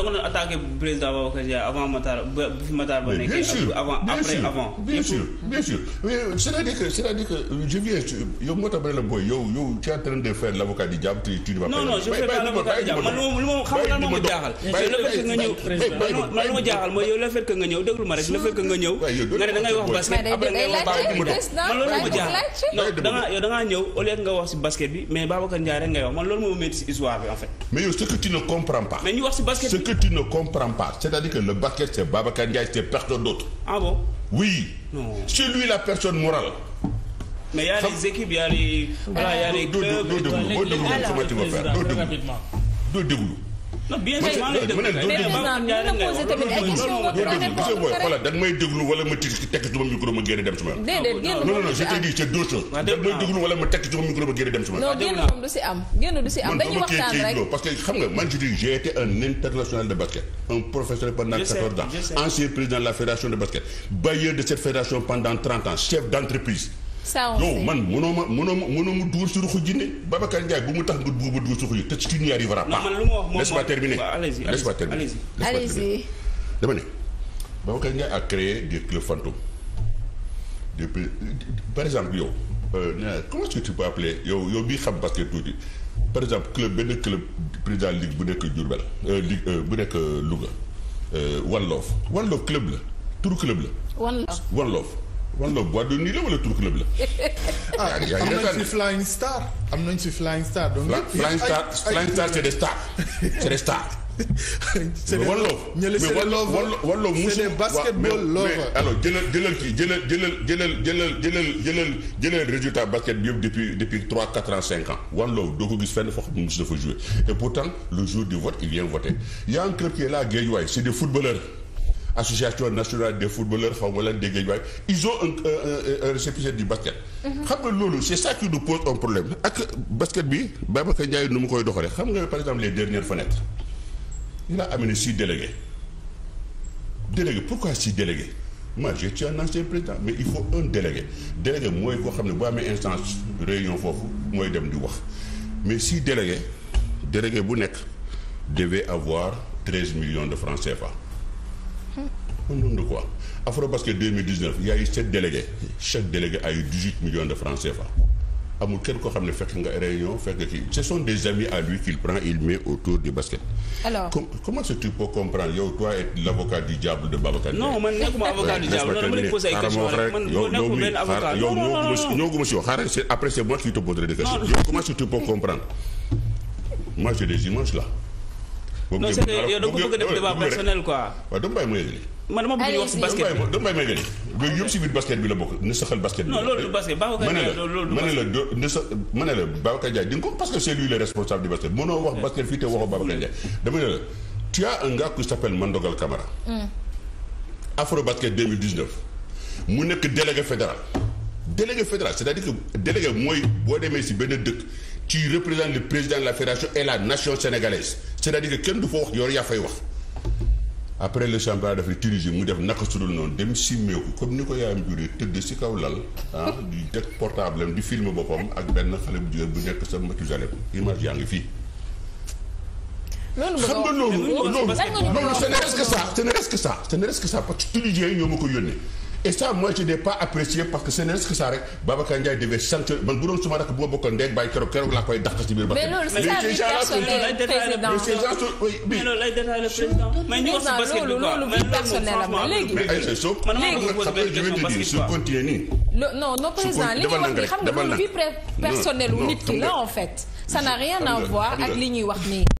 da nga doon attaqué président Babacar Dia avant Matar ba bu fi Matar ba nekkee. bien sûr avant après avant. bien sûr bien sûr euh, c'est-à-dire que cest euh, man lu ma jaaxal. mooy yow le fait que nga ñëw déglu ma rek le fait que nga ñëw. nga ne da ngay wax basket après nga wax man loolu moo ma jaaxal. non da si histoire bi en fait. mais yow ce que tu ne que tu ne comprends pas c'est-à-dire que le basket c'est Babacar Ndiaye c'est personne d'autre. ah bon oui. non lui la personne morale. mais y a des équipes y a des. voilà y a des ah. clubs doo déglu doo déglu non bien sûr maa ngi lay déglu da may déglu wala ma tig tekk ci micro ma génn dem tekk ci micro ma génn dem ci ma. non génn moom si am génn du si am parce que xam nga man je dis un international de basket. un professeur pendant 14 ans ancien président de la fédération de basket bailleur de cette fédération pendant 30 ans chef d'entreprise ça non man mënoo ma mënoo ma mënoo ma dugal si ruxu jinne Babacar Ndiaye bu mu tax nga dugal ma dugal si ruxu te tu n'y arriveras pas. non man lu a créé des clubs fantômes par exemple yow euh, comment est-ce yow yow bii xam basket tuuti par exemple club benn club président ligue bu nekk jur Diourbel euh, ligue euh, bu nekk Louga One Love One Love club la turu club la One Love One Love wan la boîte de nuit la wala tur club la. ah am nañ fi flying star am nañ fi flying star. donc flying star flying star c'est des stars c'est des stars. c'est des love walloo c'est des basketball love alors jëlal jëlal kii jëlal jëlal jëlal jëlal jëlal jëlal jëlal résultat basket bi yëpp depuis depuis trois quatre ans cinq ans foo xam ne mos dafa jouer et pourtant le jour du vote il vient voter y a un club c'est des footballeurs. association nationale des footballeurs xaw ma lan de Guédiawaye ils ont un un un récépissé du basket. Mhm. xam nga loolu c' est ça qui nous pose un problème ak basket bi Babacar Ndiaye nu mu koy doxalee xam nga par exemple les dernières fenêtres il a amené six si délégué pourquoi six délégués. moi je suis un président mais il faut un délégué délégué mooy koo xam ne boo amee instance réunion foofu mooy dem di wax mais si délégué délégué bu nekk devait avoir treize millions de francs CFA. un nombre de quoi Afrobasket 2019 il y a eu sept délégué a eu 18 millions de francs CFA amul kenn koo xam ne fekk nga réunion fekk kii ce sont des amis à lui qu'il prend il met autour du basket. alors Com comment que tu peux comprendre yow toi être l'avocat du diable de Babacar non man nekkuma avocat du diable man ma leen posé ay questions rek man nekkuma benn avocat yow ñoo guma si yow xaaral après c'est moi qui te poserai des questions yow comment est-ce que tu peux comprendre moi j'ai des images non ko bëgg a def débat personnel quoi. waaw dama bàyyi ma yëgale. man dama bëgg wax si basket bi la bokk na saxal basket bi. loolu basket Babacar Ndiaye loolu la ma ne la ma la Babacar Ndiaye di ko que c'est lui le basket mënoo wax la tu as hmm. basket mu nekk délégué fédéral. délégué fédéral c'est-à-dire que délégué mooy boo demee si benn dëkk tu représentes le président de la fédération et la nation sénégalaise. c'est-à-dire kenn du fa wax yow yaa fay wax après le championnat def Tunisie mu def naka su dul noonu dem simmeeku comme ni ko yaayam juree tëdd si kaw lal ah di teg portable am di film boppam ak benn xale bu jigéen bu nekk sa Mathusalem image yaa ngi fii. loolu xam nga loolu loolu loolu ce n'est que ça ce n'est que ça ñoo ma ko yónnee. e ça moi je n'ai pas apprécié parce que ce n'est que ça rek Babacar Ndiaye devait sanctionner man bu doon suma rak bu ma bokkoon ndeg bàyyi keroog keroog laa koy dàq ci biir. mais loolu mais ces gens loolu lay détaillé le président. mais ñu aussi eh, soo. man maa ngi posé benn président li wax ni xam nga loolu vie personnelle nit ki la en fait. ça n'a rien à ak li ñuy wax nii.